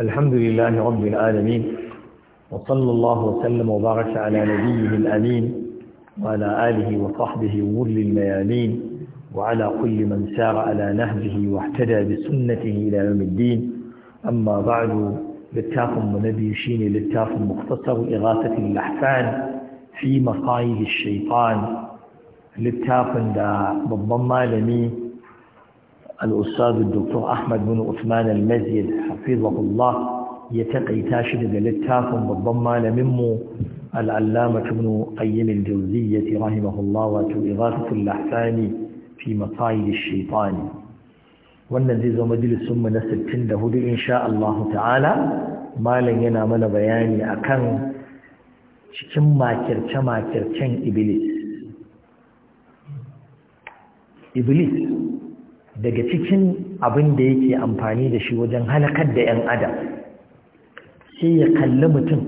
الحمد لله رب العالمين وصلى الله وسلم وبارك على نبيه الأمين وعلى آله وصحبه ومر الميامين وعلى كل من سار على نهجه واحتدى بسنته إلى يوم الدين أما بعد لتاكم نبي شين لتاكم مختصر إغاثة اللحفان في مصايد الشيطان لتاكم دا بالضمة لمي الأستاذ الدكتور أحمد بن عثمان المزيد hafizahullah ya taƙaita shi daga littafin babban malaminmu al'allama tunu ƙayyimin jauziyyati rahimahullah wato irasatul lahsani fi matsayi shaitani wannan zai zama majalisunmu na 64 insha Allah ta'ala malam yana mana bayani akan cikin makirce-makircen iblis daga cikin abin da yake amfani da shi wajen halakar da 'yan adam sai ya kalli mutum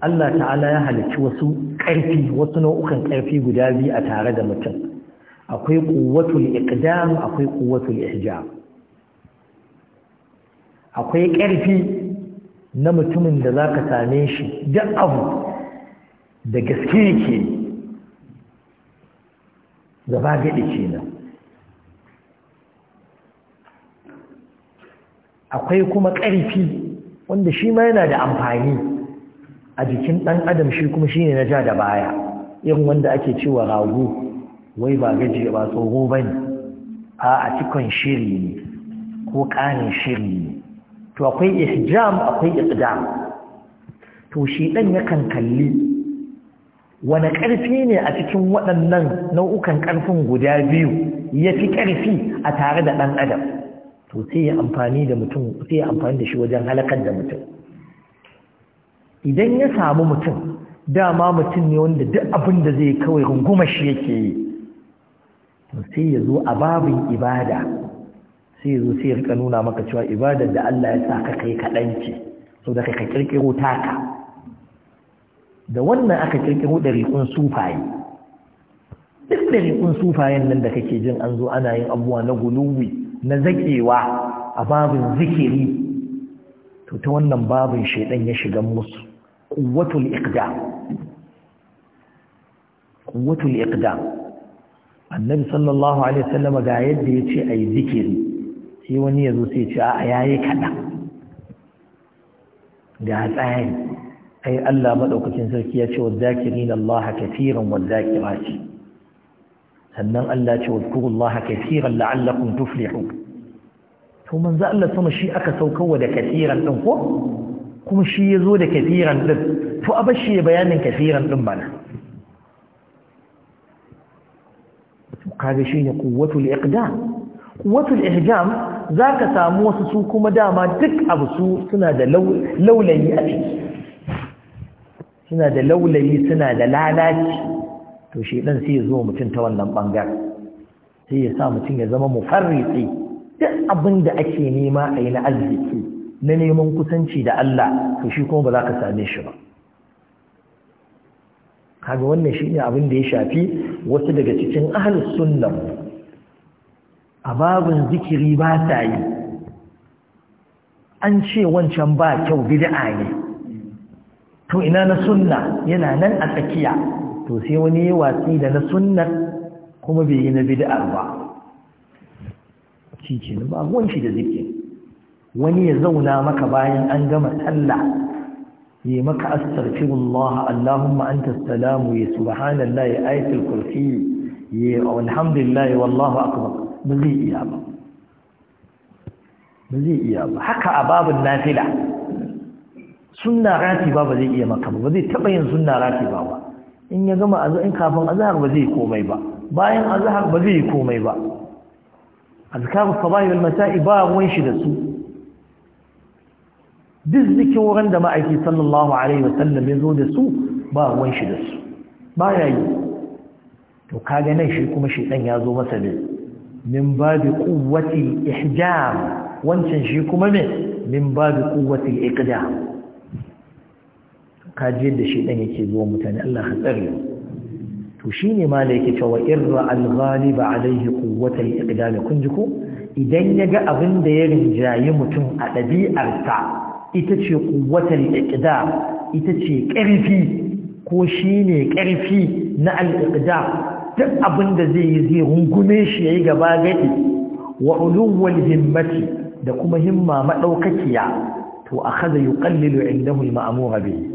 Allah ta'ala ya halarci wasu ƙarfi wasu nau'ukan ƙarfi guda biyu a tare da mutum akwai ƙuwatul iqdam akwai ƙuwatul ihjab akwai ƙarfi na mutumin da za ka same shi duk abu da gaske yake gaba gaɗi ce nan akwai kuma ƙarfi wanda shi ma yana da amfani a jikin ɗan adam shi kuma shi ne na ja da baya irin wanda ake cewa rago wai ba gaji ba tsoro ba ne a a cikon shiri ne ko ƙanin shiri ne to akwai ihjam akwai iqdam to shi ɗan yakan kalli wani ƙarfi ne a cikin waɗannan nau'ukan ƙarfin guda biyu ya fi ƙarfi a tare da ɗan adam to sai ya amfani da mutum sai ya amfani da shi wajen halakar da mutum idan ya samu mutum dama mutum ne wanda duk abin da zai kawai runguma shi yake yi to sai ya zo a babin ibada sai ya zo sai ya rika nuna maka cewa ibadar da Allah ya sa ka kai kaɗan ce da ka kirkiro taka da wannan aka kirkiro ɗariƙun sufaye duk ɗariƙun sufayen nan da kake jin an zo ana yin abubuwa na guluwi na zakewa a babin zikiri to ta wannan babin shaidan ya shiga musu quwwatul iqdam quwwatul iqdam annabi sallallahu alaihi wasallam ga yadda yace ayi zikiri sai wani yazo sai ya ce a yayi kada da tsari ai Allah madaukakin sarki ya ce wadzakirin Allah kafiran ce. sannan Allah ce wa Allah kaseeran la'allakum tuflihun to manzo Allah sama shi aka saukarwa da kaseeran din ko kuma shi yazo da kaseeran din to a bashi ya bayanin kaseeran din bana kaga shine quwwatul iqdam quwwatul ihjam zaka samu wasu su kuma dama duk abu su suna da laulayi a ciki suna da laulayi suna da lalaci to shi dan sai ya zo mutum ta wannan bangare sai ya sa mutum ya zama mufarriti duk abin da ake nema a yi na arziki na neman kusanci da Allah to shi kuma ba za ka same shi ba kaga wannan shi ne abin da ya shafi wasu daga cikin ahalus sunna a babin zikiri ba ta yi an ce wancan ba kyau bid'a ne to ina na sunna yana nan a tsakiya to sai wani ya watsi da na sunnar kuma bai yi na bid'ar ba shi ke ba wanshi da zikin wani ya zauna maka bayan an gama sallah yi maka astaghfirullah allahumma anta salamu ya subhanallah ya ayatul kursi ya alhamdulillah wallahu akbar ba zai iya ba ba zai iya ba haka a babin nafila sunna rati ba ba zai iya maka ba ba zai taba yin sunna ratiba ba in ya gama in kafin azhar ba zai komai ba bayan azhar ba zai komai ba azkaru sabahi mata'i ba ruwan shi da su duk wurin da ma'aiki sallallahu alaihi wa sallam ya zo da su ba ruwan shi da su ba ya to kaga nan shi kuma shi dan ya zo masa ne min babi quwwati ihjam wancan shi kuma ne min babi quwwati iqdam kaji da shi ɗan yake zuwa mutane Allah ka tsare to shine ma da yake cewa irra al-ghalib alayhi quwwata al-iqdam kun ji ko idan ya ga abin da ya rinjayi mutum a ɗabi'arta, ita ce quwwata al-iqdam ita ce ƙarfi ko shine ƙarfi na al-iqdam duk abin da zai yi zai rungume shi yayi gaba gadi wa uluwwal himmati da kuma himma madaukakiya to akhadha yuqallilu indahu al-ma'mur bihi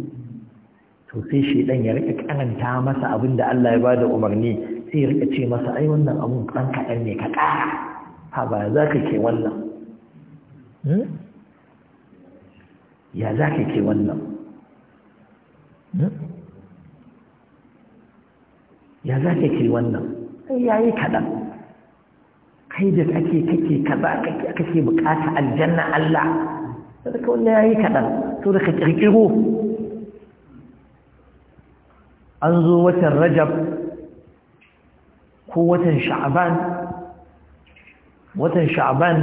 to sai shedan ya rika karanta masa abinda Allah ya bada umarni sai ya rika ce masa ai wannan abun kan kaɗan ne ka ƙara ha ba za ka ke wannan hmm? ya za ka ke wannan hmm? ya za ke wannan ya yi kaɗan kai da kake kake kaza kake bukata aljanna Allah sai ka wannan ya yi kaɗan to da ka ƙirƙiro an zo watan rajab ko watan sha'aban watan sha'aban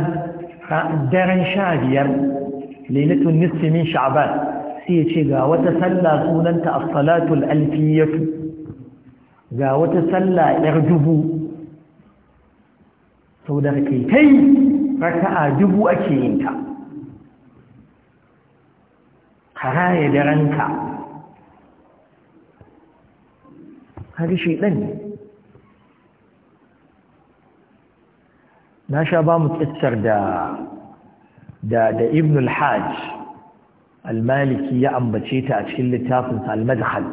daren sha biyar lailatul nisfi min sha'aban sai ya ce ga wata sallah sunanta a salatul alfiyatu ga wata sallah yar dubu sau da kai kai raka'a dubu ake yinta. Ka karaya da هذا شيء لن ما شابام تأثر دا دا دا ابن الحاج المالكي يا أم بتشيتا أتشكل لتافن المدخل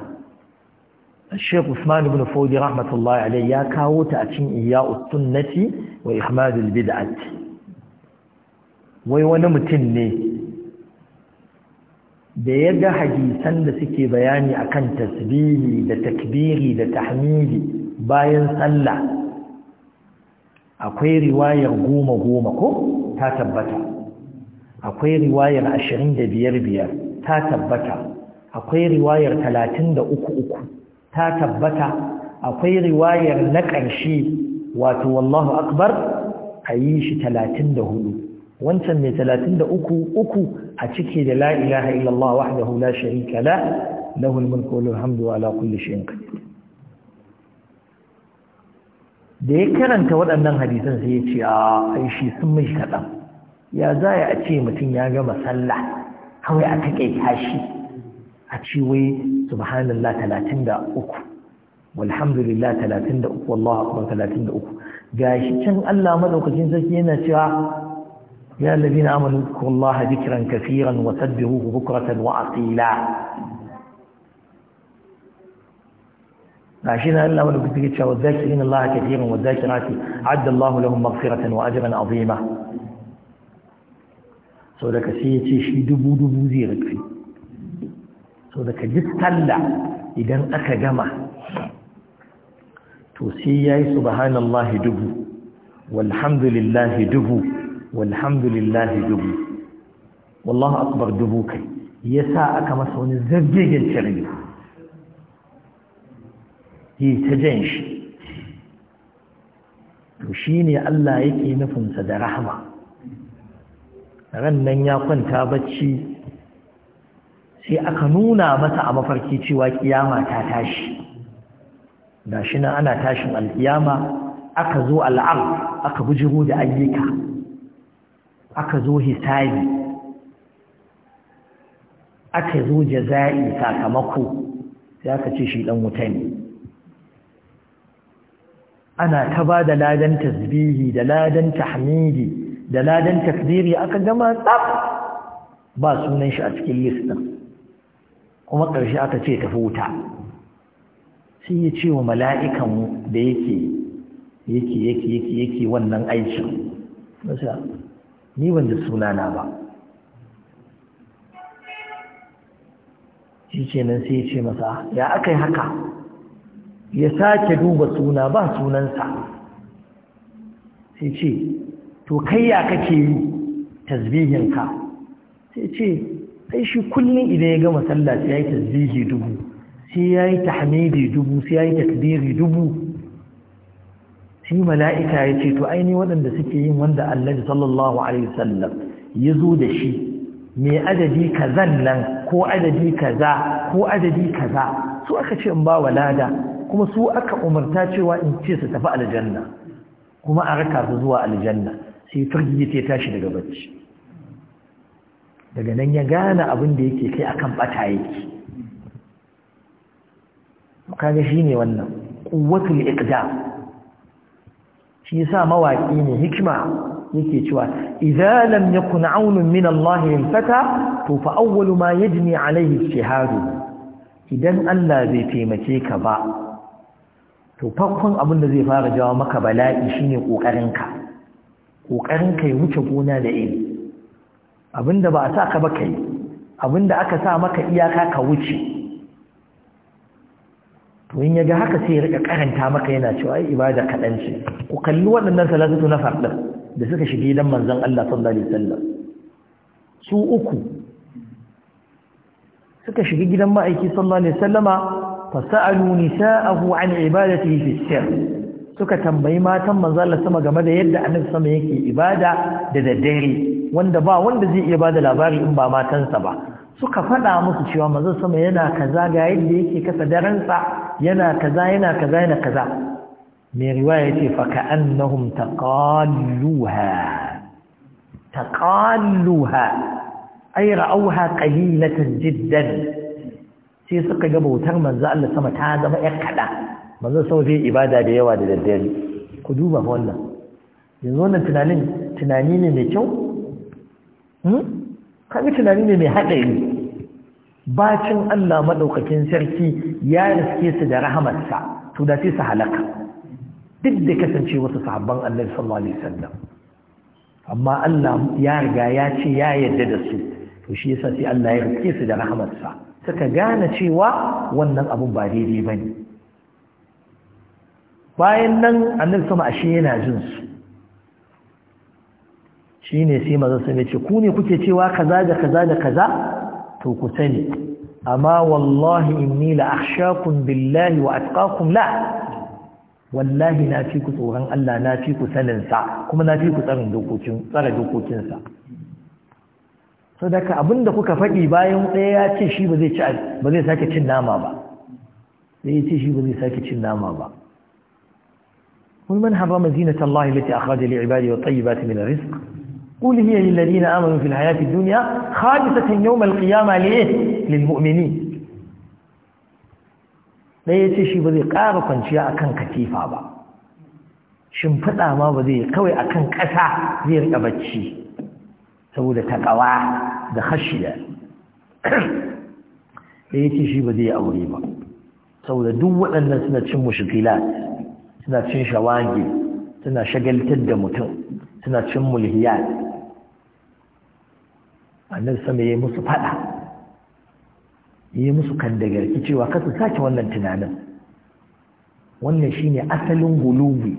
الشيخ عثمان بن فودي رحمة الله عليه يا كاو تأتين إياء السنة وإخماد البدعة ويوانا متنيه da ya ga hadisan da suke bayani akan tasbihi da takbiri da tahmidi bayan sallah akwai riwayar goma goma ko ta tabbata akwai riwayar ashirin da biyar biyar ta tabbata akwai riwayar talatin da uku uku ta tabbata akwai riwayar na ƙarshe wato wallahu akbar a yi shi talatin da hudu wancan mai talatin da uku uku a cike da la ilaha illallah wahdahu la sharika la lahul mulku wal hamdu ala kulli shay'in qadir da ya karanta waɗannan hadisan sai ya ce a shi sun mai kaɗan ya za a ce mutum ya gama sallah kawai a taƙaita shi a ce wai subhanallah talatin da uku walhamdulillah talatin da uku wallahu akbar talatin da uku ga can Allah madaukakin sarki yana cewa يا الذين آمنوا اذكروا الله ذكرا كثيرا وسبحوه بكرة وأصيلا عشان الله ولو كنت قلت الذاكرين الله كثيرا والذاكرات عد الله لهم مغفرة وأجرا عظيما سو da ka sai ya دبو shi dubu-dubu zai rufe sau da ka ji talla idan سبحان الله دبو والحمد لله دبو walhamdulillah dubu wallahu akbar dubu kai ya sa aka masa wani zargegen cirni yi ta jan shi to shi ne Allah yake nufinsa da rahama ran nan ya kwanta bacci sai aka nuna masa a mafarki cewa kiyama ta tashi da shi nan ana tashin alkiyama aka zo al'ar aka bujiro da ayyuka aka zo hisabi aka zo jaza'i sakamako ya ka ce shi dan wuta ne ana ta ba da ladan tasbihi da ladan tahmidi da ladan takbiri aka gama tsaf ba sunan shi a cikin list din kuma ƙarshe aka ce tafi wuta sai ya ce wa mala'ikan da yake yake yake yake yake wannan aikin ni ban suna sunana ba shi ce nan sai ya ce masa ya aka yi haka ya sake duba suna ba sunansa sai ce to kai ya kake yi tasbihinka sai ce kai shi kullum idan ya gama sallah sai ya yi tasbihi dubu sai ya yi tahmidi dubu sai ya yi tasbihi dubu shi mala'ika ya ce to aini waɗanda suke yin wanda annabi sallallahu alaihi sallam ya zo da shi mai adadi kazan nan ko adadi kaza ko adadi kaza su aka ce in ba walada kuma su aka umarta cewa in ce su tafi aljanna kuma a raka su zuwa aljanna sai turgi ya tashi daga bacci daga nan ya gane abin da yake kai akan bata yake kaga shine wannan quwwatul iqdam shi yasa mawaki ne hikima yake cewa idza lam yakun aunun min Allah lil fata to fa awwalu ma yajni alayhi shahadu idan Allah zai taimake ka ba to farkon abin da zai fara jawo maka bala'i shine kokarinka kokarinka ya wuce gona da iri abinda ba a sa ka ba kai abinda aka sa maka iyaka ka wuce to in yaga haka sai ya rika karanta maka yana cewa ai ibada kadan ce ku kalli waɗannan salatu na farɗin da suka shige dan manzon Allah sallallahu alaihi wasallam su uku suka shiga gidan ma'aiki sallallahu alaihi wasallama fasalu nisa'ahu an ibadatihi fi sirr suka tambayi matan manzon Allah sama game da yadda annabi sama yake ibada da daddare wanda ba wanda zai iya bada labari in ba matansa ba suka faɗa musu cewa mazan sama yana kaza ga yadda yake kasa daransa yana kaza yana kaza yana kaza mai riwaya ce faka annahum taqalluha taqalluha ay ra'awha qalilatan jiddan sai suka ga bautar manzo Allah sama ta zama yar kada manzo sama bai ibada da yawa da daddare ku duba wannan yanzu wannan tunanin tunani ne mai kyau hmm? kaga tunani ne mai haɗari bacin Allah maɗaukakin sarki ya riske su da rahamarsa to da sai su halaka duk da kasance wasu sahabban ya sallallahu alaihi wasallam amma Allah ya riga ya ce ya yarda da su to shi yasa sai Allah ya riske su da rahamarsa suka gane cewa wannan abun ba daidai bane bayan nan annabi sama ashe yana jin su shi ne sai mazan sami ce ku ne kuke cewa kaza da kaza da kaza to ku sani amma wallahi inni la billahi wa atqakum la wallahi na fi ku tsoron Allah na fi ku saninsa kuma na fi ku tsara dokokin sadaka abinda kuka faɗi bayan ɗaya ya ce shi ba zai sake cin nama ba sai ce shi ba zai sake cin nama ba قل من حرم lati الله li أخرج لعباده والطيبات من قل هي للذين آمنوا في الحياة الدنيا خالصة يوم القيامة ليه للمؤمنين لا يتشي بذي قارقا شيء أكن كتيفا با شنفتا ما بذي قوي أكن كسا ذير أبتشي سبودة تقوى دخشي لا يتشي بذي أوليما سبودة دوّنا أن سنتشم مشكلات سنتشم شوانجي سنتشم شغل تدمتو سنتشم ملهيات annan sama ya yi musu fada ya yi musu kan da garki cewa kasu sake wannan tunanin wannan shi ne asalin gulubi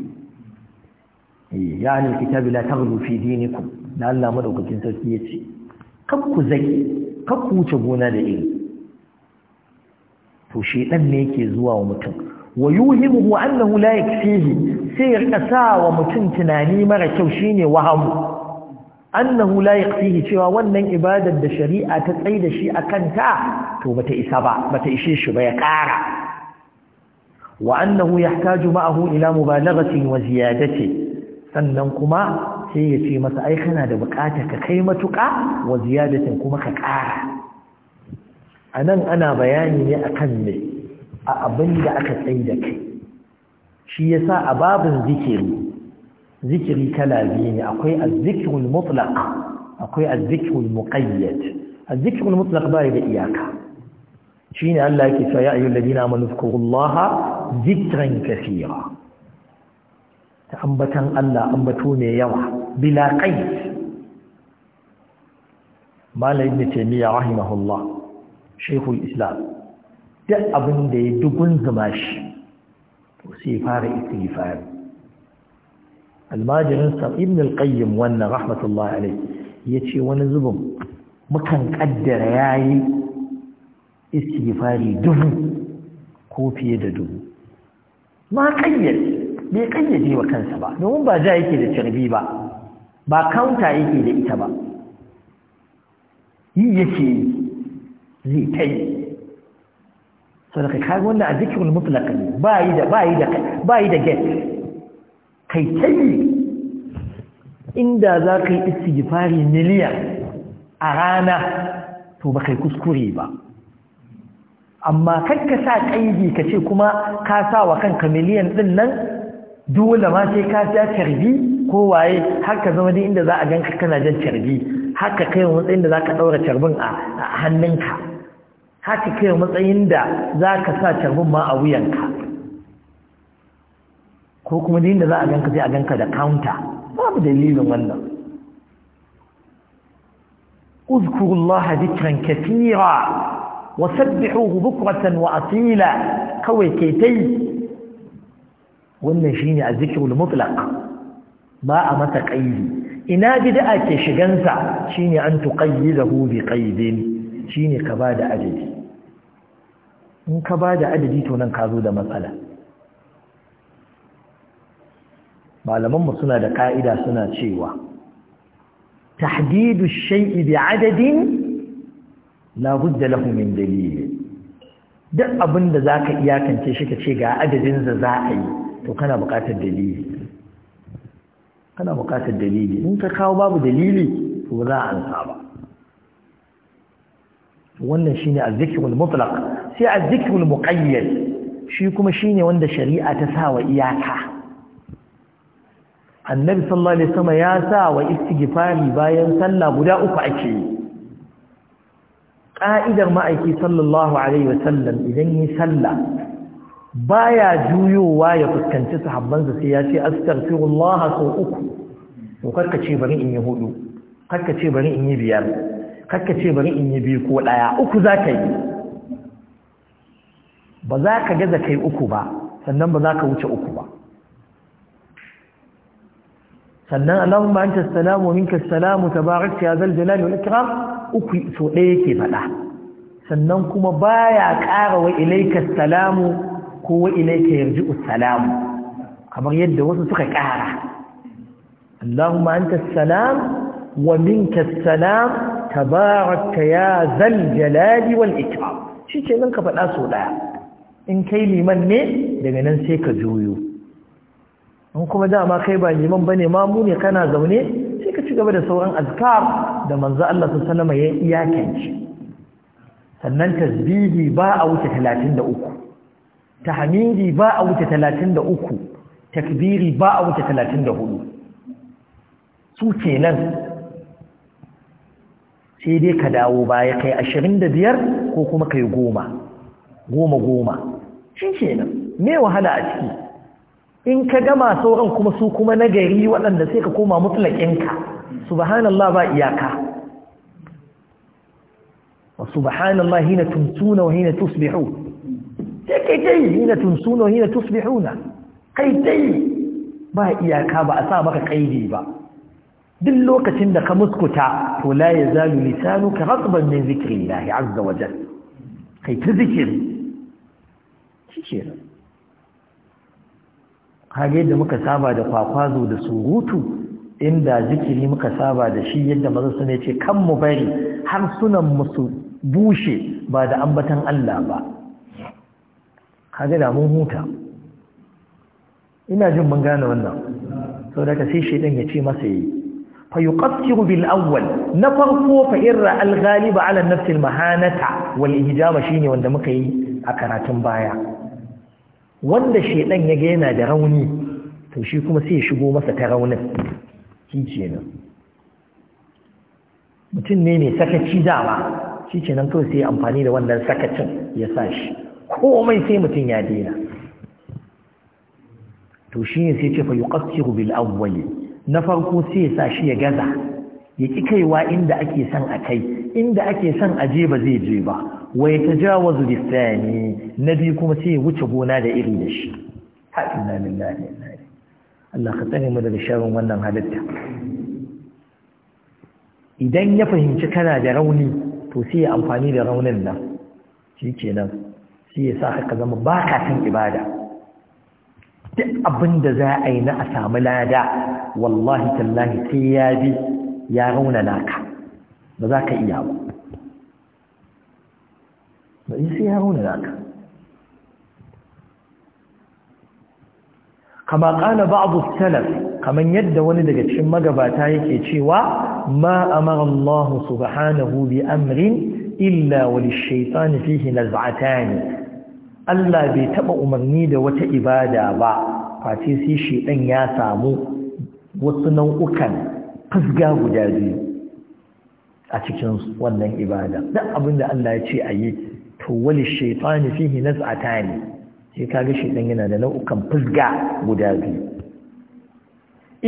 eh, ya ne fita la taghlu rufi dinikun na Allah madaukakin sarki ya ce. ku zaki kar wuce gona da iri to ɗan ne yake zuwa wa mutum wa yuhimu annahu la yakfihi sai ya kasa wa mutum tunani mara kyau shine wahamu annahu la yaqtihi cewa wannan ibadar da shari'a ta tsaida shi akanta to bata isa ba bata ishe shi ba ya ƙara wa annahu yahtaju ma'ahu ila mubalaghati wa ziyadati sannan kuma sai ya ce masa ai kana da bukata ka kai matuƙa wa ziyadatin kuma ka ƙara anan ana bayani ne akan ne a abin da aka tsai da kai shi yasa a babin zikiri zikiri kala biyu ne akwai azzikirul mutlaq akwai azzikirul muqayyad azzikirul mutlaq ya da iyaka shine Allah yake cewa ya ayyuhal ladina amanu zkurullaha zikran kaseera ta ambatan Allah ambato mai yawa bila qayd malai ibn taymiya rahimahullah shaykhul islam duk abin da ya dugun zuma shi to sai fara istighfari almajirin sa ibn al-qayyim wannan rahmatullahi alayhi yace wani zubin mukan kaddara yayi istighfari dubu ko fiye da dubu ma ƙayyade, bai kayyade wa kansa ba domin ba ja yake da tarbi ba ba kaunta yake da ita ba yi yake zai sau da kai, kaga wanda a zikirin mutlaka ne ba yi da ba yi da ba yi da get kai kai inda za ka yi istighfari miliyan a rana to ba kai kuskure ba amma ka sa kaidi ka ce kuma ka sa wa kanka miliyan din nan dole ma sai ka ja carbi ko waye har ka zama dai inda za a ganka kana jan carbi har ka kai matsayin da za ka ɗaura carbin a hannunka har ka kai matsayin da za ka sa carbin ma a wuyanka ko kuma da za a ganka sai a ganka da counter babu dalilin wannan اذكروا الله ذكرا كثيرا وسبحوه بكرة وأصيلا كوي كيتي wannan shine azzikirul mutlaq ba a mata qaidi ina bid'a ke shigansa shine an tuqayyidahu bi qaidin shine ka bada adadi in ka bada adadi to nan ka zo da matsala malamanmu suna da ka'ida suna cewa tahdidu shai'i bi adadin la budda lahu min dalil duk abinda zaka iyakance shi ka ce ga adadin da za a yi to kana buƙatar dalili kana buƙatar dalili in ka kawo babu dalili to za a ansa ba wannan shine azzikrul mutlaq sai azzikrul muqayyad shi kuma shine wanda shari'a ta sawa iyaka annabi sallallahu alaihi wasallam ya sa wa istighfari bayan sallah guda uku ake yi ka'idar ma'aiki sallallahu alaihi wasallam idan yi sallah baya juyowa ya fuskanci sahabbansa sai ya ce astaghfirullah sau uku to karka ce bari in yi hudu karka ce bari in yi biyar karka ce bari in yi biyu ko daya uku zaka yi ba za ka gaza kai uku ba sannan ba za ka wuce uku ba sannan Allahumma anta as-salamu minka as-salamu tabarakta ya zal jalali wal ikram uku so ɗaya ke faɗa sannan kuma baya ƙara wa ilaika salamu ko wa ilaika yarji'u as-salamu kamar yadda wasu suka ƙara Allahumma anta as-salam wa minka as-salam tabarakta ya zal jalali wal ikram shi ce nan ka faɗa so ɗaya in kai liman ne daga nan sai ka juyo in kuma dama kai ba liman bane mu ne kana zaune sai ka ci gaba da sauran azkar da manzo Allah sallallahu alaihi ya iyakance sannan tasbihi ba a wuce 33 tahmidi ba a wuce 33 takbiri ba a wuce 34 su kenan sai dai ka dawo baya kai 25 ko kuma kai 10 goma goma shi kenan me wahala a ciki in ka gama sauran kuma su kuma na waɗanda sai ka koma mutlaƙinka subhanallah ba iyaka wa subhanallah hina tumsuna wa hina tusbihu sai kai dai hina tumsuna wa hina tusbihuna kai dai ba iyaka ba a sa maka kaidi ba duk lokacin da ka muskuta to la yazalu lisanuka rasban min zikrillah azza wa jalla kai ta zikiri shi kenan kage da muka saba da kwakwazo da surutu inda zikiri muka saba da shi yadda maza su ne ce kan mu bari har sunan musu bushe ba da ambatan Allah ba kage da mun huta ina jin mun gane wannan sau da sai shaidan ya ce masa yi fa yuqaddiru bil awwal na farko fa irra al ghaliba ala nafsi al mahanata wal shine wanda muka yi a karatun baya wanda shaidan ya ga yana da rauni to shi kuma sai ya shigo masa ta raunin shi kenan mutum ne mai sakaci dama shi kenan kawai sai amfani da wannan sakacin ya sa shi komai sai mutum ya daina to shi ne sai ce fa yuqassiru bil awwal na farko sai ya sa shi ya gaza ya ki kaiwa inda ake san a kai inda ake san a je ba zai je ba Wai ta wa ne na biyu kuma sai ya wuce gona da iri da shi inna lillahi Allah ka tsani mu daga sharrin wannan halitta idan ya fahimci kana da rauni to sai ya amfani da raunin nan shikenan sai ya sa ka zama baka san ibada duk abin da za a yi na a samu lada wallahi tallahi sai ya bi ya raunana ka ba za ka iya ba bai sai haruna zaka kama qala baabu salaf kaman yadda wani daga cikin magabata yake cewa ma amara Allah subhanahu bi amrin illa wali lishaytan fihi naz'atan Allah bai taba umarni da wata ibada ba face sai shedan ya samu wasu nau'ukan fasga guda biyu a cikin wannan ibada duk abinda Allah ya ce a yi to wali shaytani fihi naz'atani sai kaga shaytan yana da nau'ukan fusga guda biyu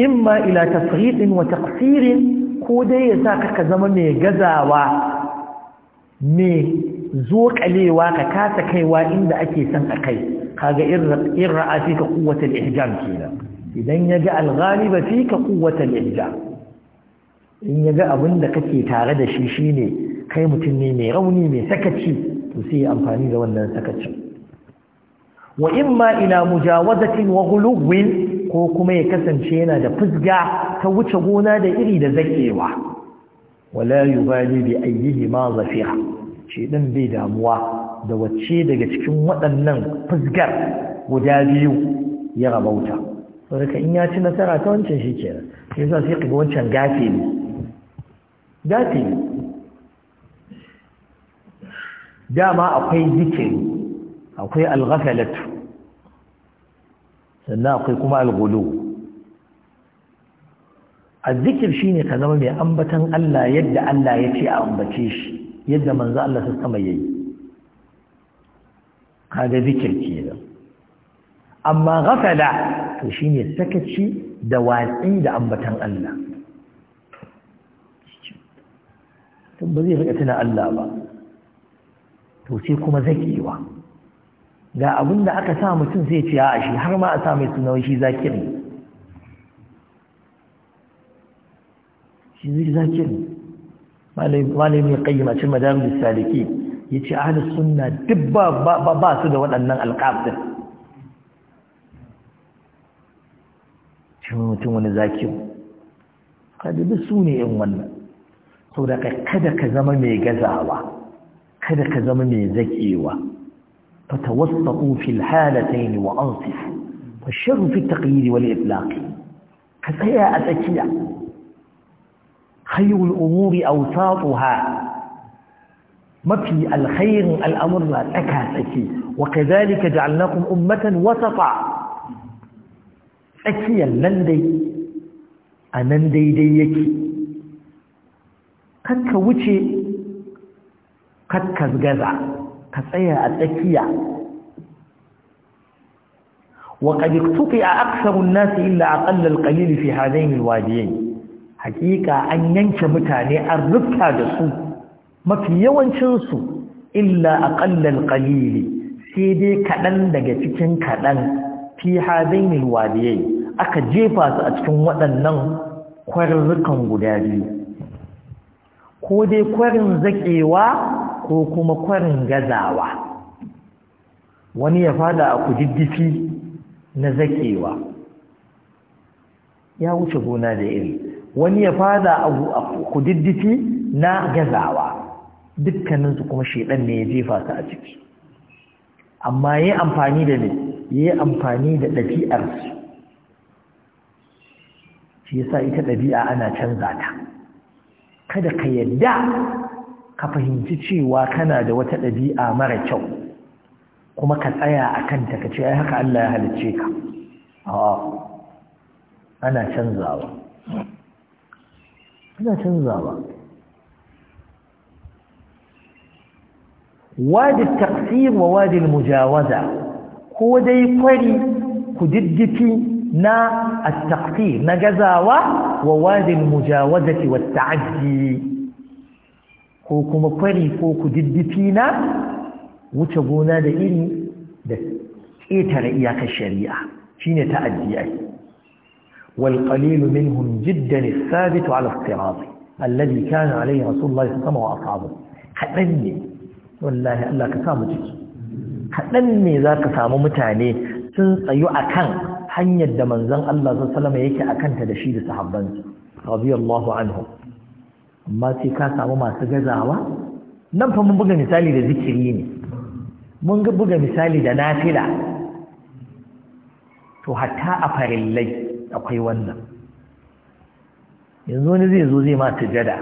imma ila tafridin wa taqsirin ko dai ya sa ka zama mai gazawa mai zokalewa ka kasa kaiwa inda ake son a kai kaga in ra'a fika quwwatul ihjam kenan idan yaga al-ghaliba fika quwwatul ihjam in yaga abin da kake tare da shi shine kai mutum ne mai rauni mai sakaci to sai amfani da wannan sakacin wa imma ila mujawazatin wa ghuluwin ko kuma ya kasance yana da fusga ta wuce gona da iri da zakewa wala yubali bi ayyihi ma zafiha shi din bai damuwa da wacce daga cikin waɗannan fusgar guda biyu ya rabauta saboda in ya ci nasara ta wancan shi sai sa sai kaga wancan gafe ne gafe dama akwai zikiri akwai alghafalatu sannan akwai kuma alghulu azzikir shine ka zama mai ambatan Allah yadda Allah ya ce a ambace shi yadda manzo Allah sa sama yayi kaga zikir kenan amma ghafala to shine sakaci da watsi da ambatan Allah tun ba zai rika tuna Allah ba to sai kuma zakewa ga abin da aka sa mutum zai ce a shi har ma a sa mai suna shi zakiri shi zai zakiri malai ya kayyama cin madamin saliki ya ce ahalus suna duk ba su da waɗannan alƙafin cin mutum wani zakiri kada duk su ne yin wannan sau da kada ka zama mai gazawa kada ka zama mai zakewa fa tawassatu fil halatayn wa ansif fa sharru fi taqyid wal itlaq ka tsaya a tsakiya al umuri awsatuha mafi al-amr la taka tsaki wa kadhalika ja'alnakum ummatan wasata tsakiyan nan dai a nan daidai yake kanka wuce gaza, ka tsaya a tsakiya wa qad a aqsaru an-nas illa aqall al-qalil fi hadayn al-wadiyayn haqiqa an yanke mutane arzuka da su mafi yawancin su illa aqall al-qalil sai dai kadan daga cikin kadan fi hadayn al-wadiyayn aka jefa su a cikin waɗannan kwarrukan guda biyu ko dai kwarin zakewa ko kuma kwarin gazawa wani ya fada a kudiddifi na zakewa ya wuce gona da iri wani ya fada a kudiddifi na gazawa dukkaninsu kuma shaidan ne ya jefa ta a ciki amma ya amfani da ne ya amfani da ɗabi'arsu shi yasa ita ɗabi'a ana canza ta kada ka yadda ka fahimci cewa kana da wata ɗabi'a mara kyau kuma ka tsaya a kanta ka ce ai haka Allah ya halicce ka ana canzawa ana canzawa wadi taqsir wa wadi mujawaza ko dai kwari ku diddifi na at-taqsir na gazawa wa wadi mujawazati wat-ta'addi ko kuma kwari ko kududdufi na wuce gona da iri da ƙetare iyakar shari'a Shi shine ta'addiyai wal qalilu minhum jiddan thabit ala al-sirat alladhi kana alayhi rasulullah sallallahu alaihi wasallam Kaɗan ne wallahi Allah ka samu ciki Kaɗan ne za ka samu mutane sun tsayu kan hanyar da manzan Allah sallallahu alaihi wasallam a kanta da shi da Rabi radiyallahu anhu. amma sai ka samu masu gazawa nan fa mun buga misali da zikiri ne mun ga buga misali da nafila to hatta a farillai akwai wannan yanzu wani zai zo zai ma sujada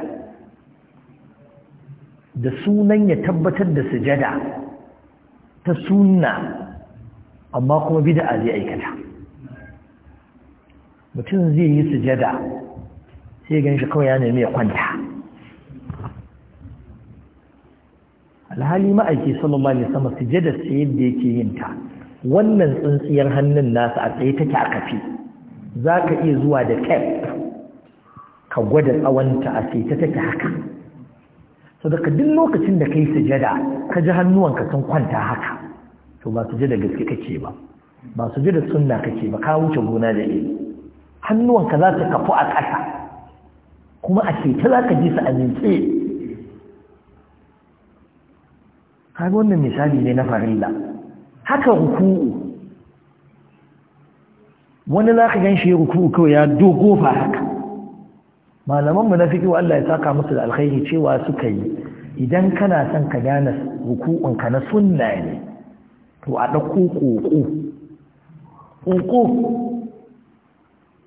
da sunan ya tabbatar da sujada ta sunna amma kuma bid'a zai aikata mutum zai yi sujada sai gan shi kawai ya nemi ya kwanta alhali ma'aiki sallallahu alaihi wasallam sujada sai yadda yake yin ta wannan tsintsiyar hannun nasa a tsaye take a kafi zaka iya zuwa da kai ka gwada tsawonta a tsaye take haka sadaka duk lokacin da kai sujada ka ji hannuwanka sun kwanta haka to ba sujada gaske kake ba ba sujada sunna kake ba ka wuce gona da ilimi hannuwanka za ta kafu a ƙasa kuma a ta za ka ji su a mince kaga wannan misali ne na farilla haka ruku'u wani za ka gan shi ruku'u kawai ya dogo fa haka malamanmu na fiƙi Allah ya saka musu da alkhairi cewa suka yi idan kana son ka gane ruku'unka na sunna ne to a ɗauko ƙoƙo ƙoƙo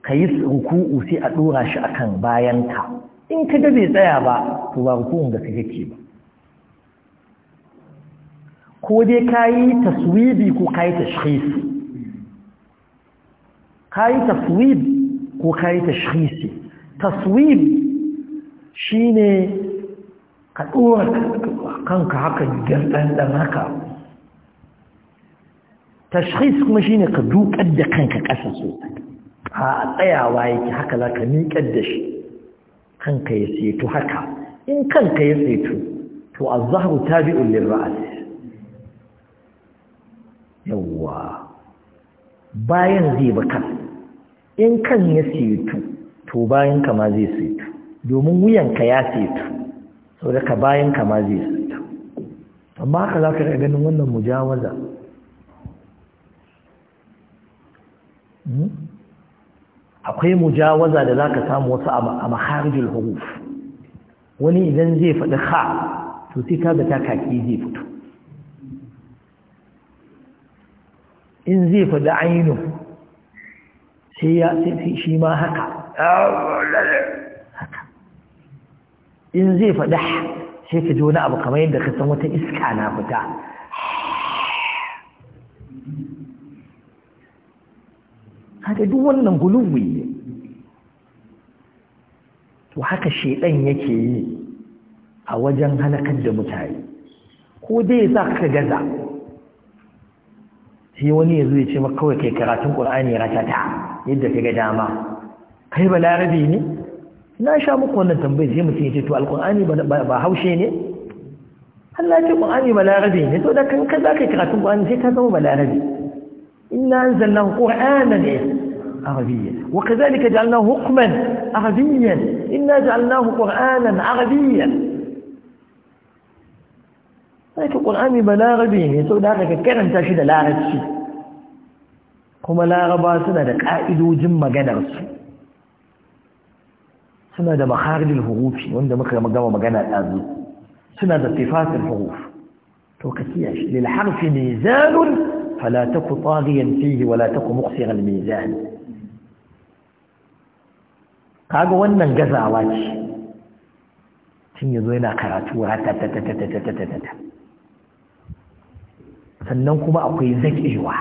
ka yi ruku'u sai a ɗora shi akan bayanka in ka bai tsaya ba to ba ruku'un da kake ke ba ko dai ka yi taswibi ko ka yi tashkhisi ka yi taswib ko ka yi taswib shine ka ɗora kanka haka ɗanɗan haka tashkhis kuma shine ka dukar da kanka ƙasa sosai a tsayawa yake haka za ka miƙar da shi kanka ya saitu haka in kanka ya saitu to a zaharu ta bi ulin ra'as yawwa bayan zai bi kan in kan ya saitu to bayan kama zai saitu domin wuyanka ya saitu sau da ka bayan kama zai seto amma haka za ka ganin wannan mujawaza Mm-hmm. akwai mujawaza da zaka samu wasu a makharijul huruf wani idan zai faɗi ha to sai ka ga ta kaki zai fito in zai faɗi ainu sai ya shi ma haka in zai faɗi sai ka ji wani abu kamar yadda ka san wata iska na fita haka duk wannan gulubi ne to haka shedan yake yi a wajen halakar da mutane ko dai za ka gaza sai wani ya zo ya ce maka kawai kai karatun ya ratata yadda ka ga dama kai balarabi ne na sha muku wannan tambayi sai mutum ya ce to alƙulani ba haushe ne Allah ce ba balarabi ne to da kan ka za ka karatun ƙur'ani sai ka zama ba balarabi إنا أنزلناه قرآنا إيه؟ عربيا وكذلك جعلناه حكما عربيا إنا جعلناه قرآنا عربيا لكن القرآن بلا عربي يسوء ذلك كرم تشد لا عربي يعني كما لا عربا سنة قائد جمع جنرس سنة مخارج الحروف وعند مكرا مقام مقام الآذن سنة اتفاق الحروف توقتيش للحرف نزال فلا تك طاغيا فيه ولا تك مخسر الميزان kaga wannan gazawa ce tun yanzu yana karatu ta sannan kuma akwai zakewa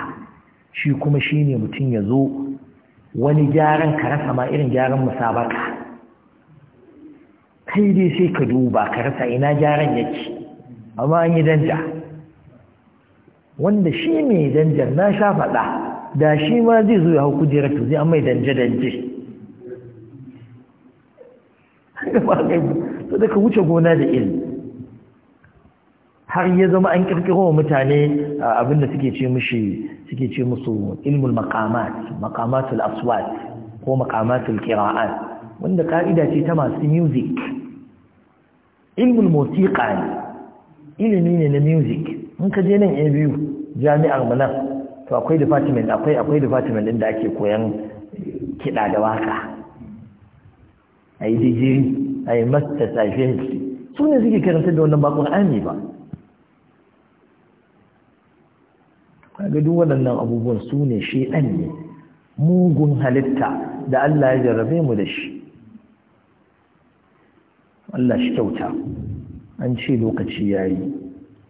shi kuma shine mutum yazo wani gyaran ka rasa ma irin gyaran musabaka kai dai sai ka duba ka rasa ina gyaran yake amma an yi danja wanda shi mai danjar na sha faɗa da shi ma zai zo ya hau kujerar to zai mai danje-danje to daga wuce gona da ilmi har ya zama an kirkiro wa mutane abinda suke ce mushi suke ce musu ilmul maqamat maqamatul aswat ko maqamatul qira'at wanda ka'ida ce ta masu music ilmul musiqa ilimi ne na music in ka je nan abu jami'ar mu nan to akwai department akwai akwai department din da ake koyan kiɗa da waka a yi digiri a yi masters a su ne suke karanta da wannan bakon ami ba kaga duk waɗannan abubuwan su ne shedan ne mugun halitta da Allah ya jarrabe mu da shi Allah shi kyauta an ce lokaci yayi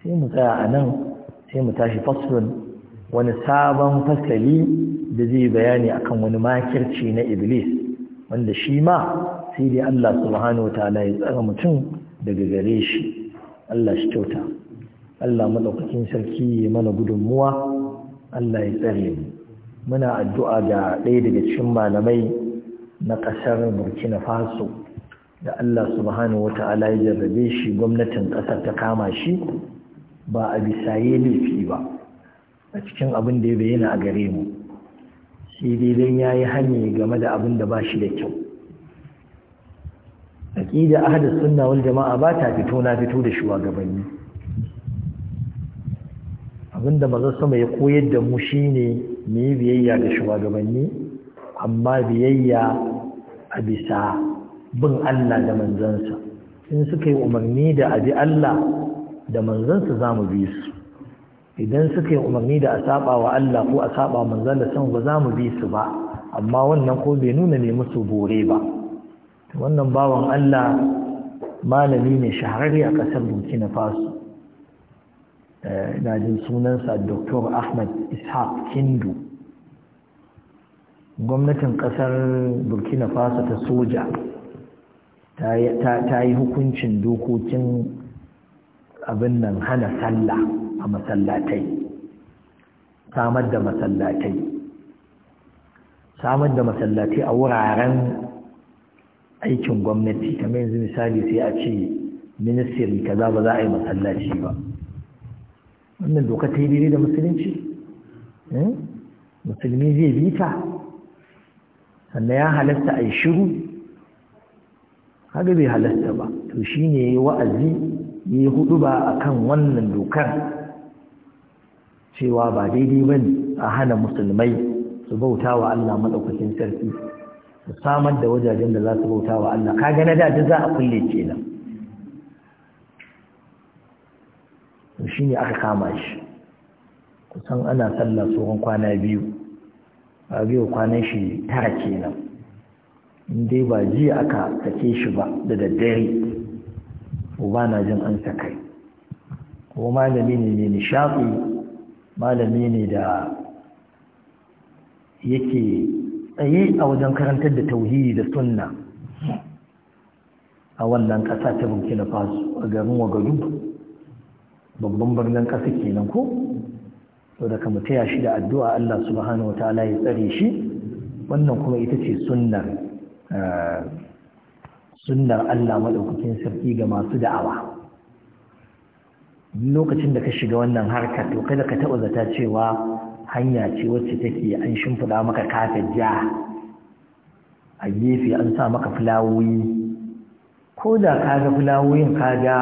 sai mu tsaya a nan sai mu tashi faslun wani sabon fasali da zai bayani akan wani makirci na iblis wanda shi ma sai dai Allah subhanahu wa ta'ala ya tsara mutum daga gare shi Allah shi kyauta Allah madaukakin sarki mana gudunmuwa Allah ya tsare mu muna addu'a ga ɗaya daga cikin malamai na ƙasar Burkina Faso da Allah subhanahu wa ta'ala ya jarrabe shi gwamnatin ƙasar ta kama shi ba a bisa yi laifi ba a cikin abin da ya bayyana a gare mu sai dai ya yi hanyi game da abin da ba shi da kyau A aƙida ahadis suna wani jama'a ba ta fito na fito da shugabanni da maza sama ya koyar da mu shine mu yi biyayya ga shugabanni amma biyayya a bisa bin Allah da manzansa in suka yi umarni da abi Allah da manzansa za mu bi su idan suka yi umarni da a saba wa Allah ko a saba manzan da san ba za mu bi su ba amma wannan ko bai nuna ne musu bore ba wannan bawan Allah malami ne shahararre a kasar burkina faso eh, na jin sunansa dr ahmad ishaq hindu gwamnatin ƙasar burkina faso ta soja ta yi hukuncin dokokin abin nan hana sallah a masallatai samar da masallatai samar da masallatai a wuraren aikin gwamnati kamar yanzu misali sai a ce ministry kaza ba za a yi masallaci ba wannan doka ta yi da musulunci eh? musulmi zai bi ta sannan ya halasta a yi shiru haka bai halasta ba to shi ne wa'azi yi hudu ba a kan wannan dokar cewa ba daidai ba ne a hana musulmai su bauta wa Allah maɗaukakin sarki su samar da wajajen da za su bauta wa Allah Ka na da za a kulle kenan shi ne aka kama shi kusan ana sallah tsohon kwana biyu a biyu kwanan shi tara kenan in dai ba jiya aka sake shi ba da daddare uba na jin an sa kai ko malami ne mai nishaɗi malami ne da yake tsaye a wajen karantar da tauhidi da sunna a wannan ƙasa ta burkina faso a garin wagadu babban birnin ƙasa kenan ko so da kama taya shi da addu'a Allah subhanahu wa ta'ala ya tsare shi wannan kuma ita ce sunnar eh, sunnar Allah maɗaukakin sarki ga masu da'awa lokacin da ka shiga wannan harkar to kada ka taɓa zata cewa hanya ce wacce take an shimfiɗa maka kafin ja a gefe an sa maka fulawoyi ko da ka ga fulawoyin ka ga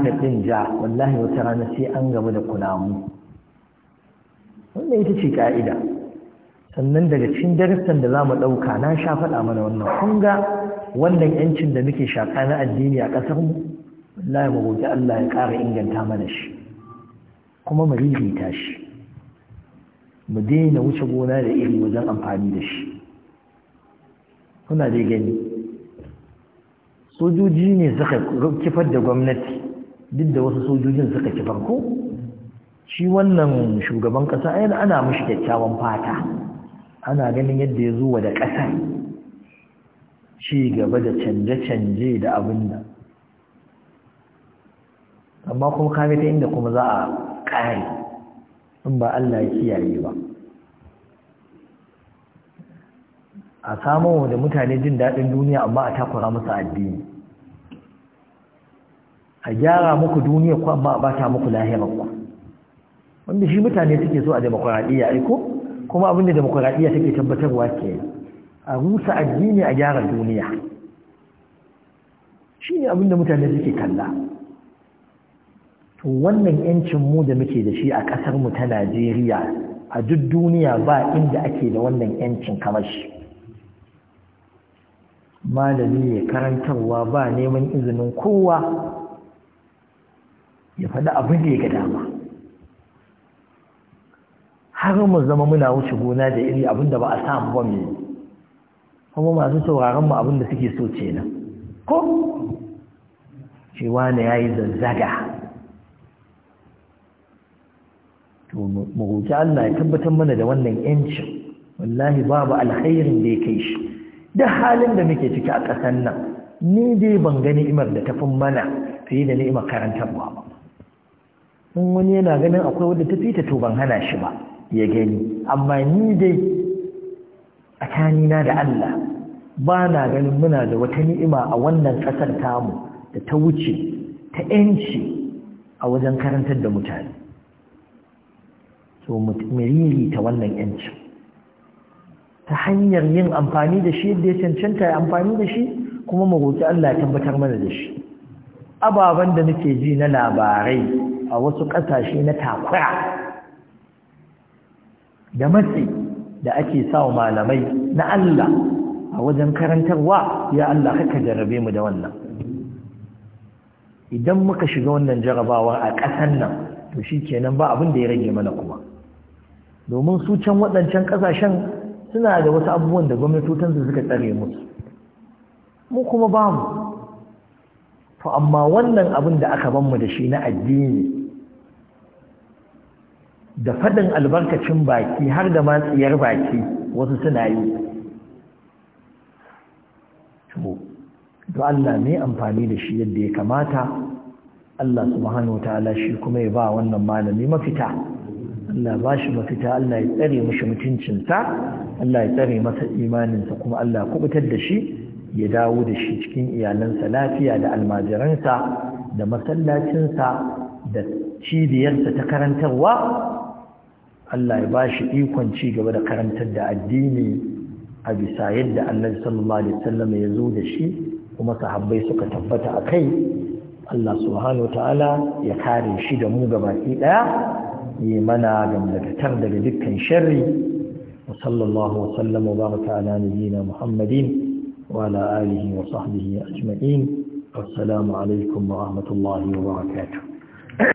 ka ɗin ja wallahi wata rana sai an gaba da kulamu. wannan ita ce ka'ida sannan daga cikin darussan da za mu ɗauka na sha faɗa mana wannan kunga wannan yancin da muke shaƙa na addini a ƙasar mu wallahi mu goge Allah ya ƙara inganta mana shi kuma mu ririta shi mu daina wuce gona da iri wajen amfani da shi kuna dai gani sojoji ne suka kifar da gwamnati duk da wasu sojojin suka kifar ko shi wannan shugaban ƙasa ana mashi kyakkyawan fata ana ganin yadda ya zuwa da ƙasa ci gaba da canje-canje da abin da amma kuma kame ta inda kuma za a ƙari in ba Allah ya kiyaye ba a samo da mutane jin daɗin duniya amma a takura musu addini a gyara muku duniya ku amma a bata muku lahirar ku wanda shi mutane suke so a demokuraɗiyya aiko kuma abinda demokuraɗiyya take tabbatarwa ke a rusa addini a gyara duniya shi ne da mutane suke kalla wannan yancin mu da muke da shi a kasar mu ta najeriya a duk duniya ba inda ake da wannan yancin kamar shi malami ya karantarwa ba neman izinin kowa ya faɗi abin da ya ga dama har mu zama muna wuce gona da iri abinda ba a samu ba mai kuma masu sauraron mu abin da suke so ce nan ko cewa ne ya yi zanzaga. to mu Allah ya tabbatar mana da wannan yancin wallahi babu alkhairin da ya kai shi da halin da muke ciki a kasan nan ni dai ban gani imar da tafin mana fiye da ni'imar karantarwa ba in wani yana ganin akwai wadda ta fita to ban hana shi ba ya gani amma ni dai a na da Allah ba na ganin muna da wata ni'ima a wannan ƙasar tamu da ta wuce ta ‘yanci a wajen karantar da mutane so miriri ta wannan ‘yanci ta hanyar yin amfani da shi da ya cancanta ya amfani da shi kuma magoci Allah ya tabbatar mana da shi ababen da nake ji na labarai a wasu ƙasashe na takura da matsi da ake sawa malamai na Allah a wajen karantarwa ya Allah haka jarabe mu da wannan idan muka shiga wannan jarabawa a ƙasar nan to shi kenan ba abin da ya rage mana kuma domin su can waɗancan ƙasashen suna da wasu abubuwan da gwamnatocinsu suka tsare musu mu kuma ba mu to amma wannan abin da aka ban mu da shi na addini da faɗin albarkacin baki har da matsiyar baki wasu suna yi to Allah ne amfani da shi yadda ya kamata Allah subhanahu ta'ala shi kuma ya ba wannan malami mafita Allah ba shi mafita Allah ya tsare mishi mutuncinsa Allah ya tsare masa imaninsa kuma Allah ya kubutar da shi ya dawo da shi cikin iyalansa lafiya da almajiransa da masallacinsa da cibiyarsa ta karantarwa Allah ya ba shi ikon ci gaba da karantar da addini a bisa yadda allah sallallahu alaihi wasallam ya zo da shi kuma sahabbai suka tabbata a kai Allah subhanahu ta'ala ya kare shi da mu gabaki daya yi mana gamdakatar daga dukkan sharri wa sallallahu wa sallama wa baraka ala nabiyyina Muhammadin wa ala alihi wa sahbihi ajma'in assalamu alaikum wa rahmatullahi wa barakatuh